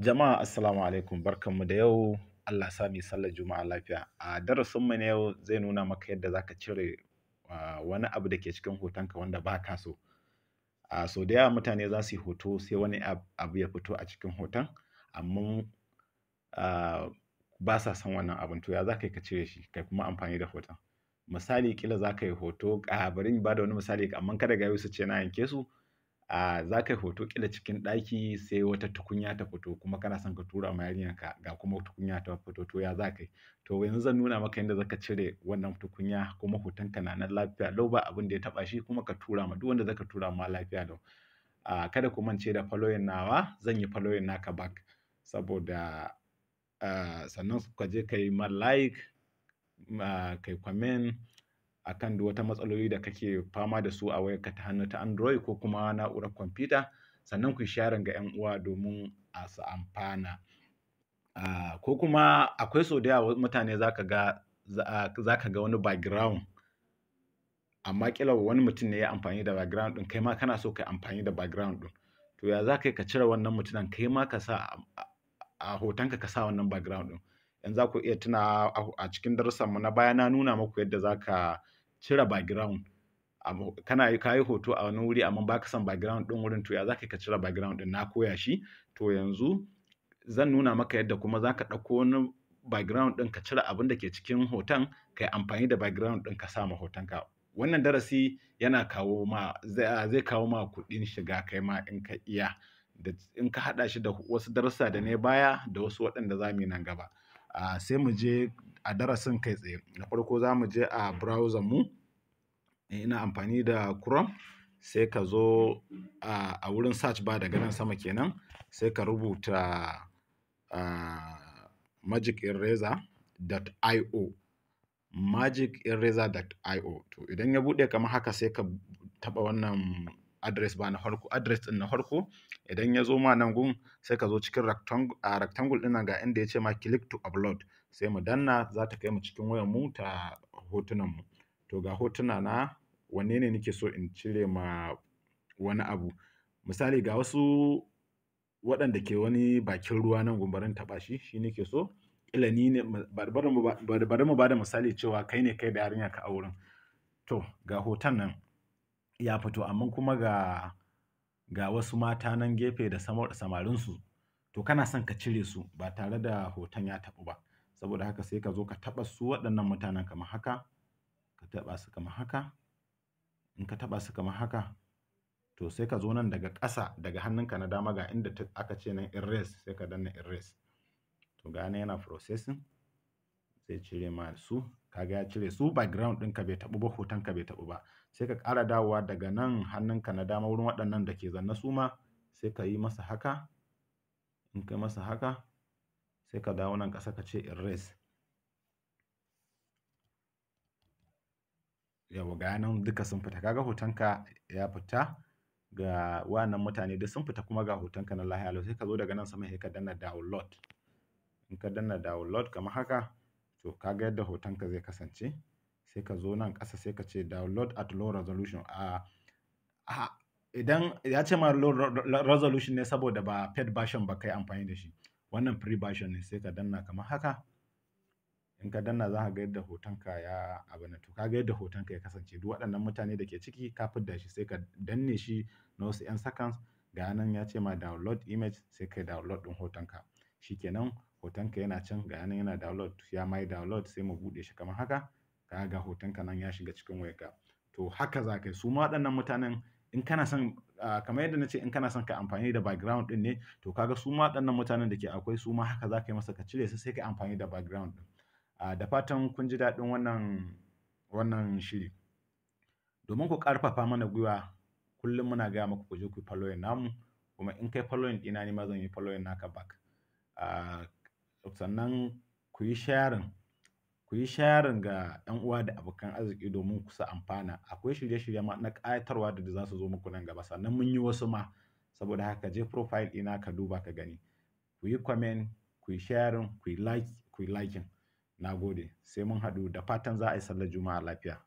Jama'a assalamu alaikum barkanmu da yau Allah sa mu sallar juma'a lafiya a darasin mu na yau zai nuna maka yadda zaka cire wani abu da ke cikin hotonka wanda ba ka so a so da yawa mutane za su yi hoto sai wani abu ya fito a cikin hoton amma ba sa son wannan abin to ya za ka yi ka cire shi kai kuma amfani da hoton misali kila za ka yi hoto a bari ba da wani misali amma kada ga su ce na yanke su Ah, za ka yi hoto kila cikin ɗaki sai wata tukunya ta fito kuma kana son ka tura ma yarinyarka ga kuma tukunya ta fito to ya za ka yi to yanzu zan nuna maka yadda zaka cire wannan tukunya kuma ka na nan lafiya lau ba abin da ya taɓa shi kuma ka tura ma duk wanda za ka tura ma lafiya lau Uh, kada ku mance da following nawa zan yi following naka back saboda ah, sannan ka je ka yi ma like uh, ka yi comment akan duk wata matsaloli da kake fama da su a wayarka ta hannu ta Android ko kuma na'urar kwamfuta sannan ku share ga 'yan uwa domin a su amfana. ko kuma akwai sau da yawa mutane za ka ga wani background amma kila wani mutum ne ya amfani da background din kai ma kana so ka amfani da background din to ya za ka yi ka cire wannan mutumin kai ma ka sa a hotonka ka sa wannan background din yanzu za ku iya tuna a cikin darussanmu na baya na nuna muku yadda za ka cire background kana ka yi hoto a wani wuri amma baka son background din wurin to ya zaka ka cire background din na koya shi to yanzu zan nuna maka yadda kuma zaka ɗauko wani background din ka cire abin da ke cikin hoton kai amfani da background din ka sa ma hoton ka wannan darasi yana kawo ma zai kawo ma kuɗin shiga kai ma in ka iya in ka haɗa shi da wasu darussa da ne baya da wasu waɗanda za yi nan gaba sai mu je a darasin kai tsaye na farko za mu je a browser mu eh, ina amfani da chrome sai ka zo a wurin search ba daga nan sama kenan sai ka rubuta magicerasser.io magicerasser.io to idan ya bude kamar haka sai ka taba wannan address ba na farko address ɗin na farko idan ya zo ma nan gun sai ka zo cikin rectangle a rectangle ɗin nan ga inda ya ce ma click to upload sai mu danna za ta kai mu cikin wayar mu ta hotunan mu to ga hotuna na wanne ne nake so in cire ma wani abu misali ga wasu waɗanda ke wani bakin ruwa nan gumbarin taɓa shi shi nake so ƙila ni ne bari mu ba da misali cewa kai ne kai da yarinya ka auren to ga hoton nan ya fito amma kuma ga ga wasu mata nan gefe da samarinsu to kana son ka cire su ba tare da hoton ya taɓu ba saboda haka sai ka zo ka taɓa su waɗannan mutanen kamar haka ka taba su kamar haka in ka taɓa su kamar haka to sai ka zo nan daga ƙasa daga hannunka na dama ga inda aka ce nan erase sai ka danna erase to gane yana processing sai cire ma su kaga ya cire su background ɗinka bai taɓu ba hotonka bai taɓu ba sai ka ƙara dawowa daga nan hannunka na dama wurin waɗannan da ke zanne su ma sai ka yi masa haka in kai masa haka sai ka dawo nan ƙasa ka ce erase yawa ga nan duka sun fita kaga hotonka ya fita ga wannan mutane duk sun fita kuma ga hotonka na lahiya sai ka zo daga nan sama sai ka danna download in ka danna download kamar haka to kaga yadda ka zai kasance sai ka zo nan ƙasa sai ka ce download at low resolution a idan ya ce ma low resolution ne saboda ba paid version ba kai amfani da shi wannan free version ne sai ka danna kamar haka in ka danna za ka ga yadda hotonka ya abana to ga yadda hotonka ya kasance duk waɗannan mutane da ke ciki ka fidda shi sai ka danne shi na wasu 'yan seconds ga nan ya ce ma download image sai kai download ɗin ka shikenan hotonka yana can ga yanan yana download ya mai download sai mu buɗe shi kamar haka ka ga hotonka nan ya shiga cikin wayarka to haka za ka yi su ma waɗannan mutanen in kana son kamar yadda na ce in kana son ka amfani da background ɗin ne to kaga su ma waɗannan mutanen da ke akwai su ma haka za ka yi masa ka cire su sai ka amfani da background ɗin da fatan kun ji daɗin wannan wannan shiri domin ku ƙarfafa mana gwiwa kullum muna gaya maku ku je ku yi following namu kuma in kai following ɗina ne ma zan yi following naka back sannan ku yi sharing ku yi sharing ga 'yan uwa da abokan arziki domin ku sa amfana akwai shirye-shirye ma na ƙayatarwa da za su zo muku nan gaba sannan mun yi wasu ma saboda haka je profile ɗina ka duba ka gani ku yi comment ku yi sharing ku yi like ku yi liking na gode sai mun haɗu da fatan za a yi sallar juma'a lafiya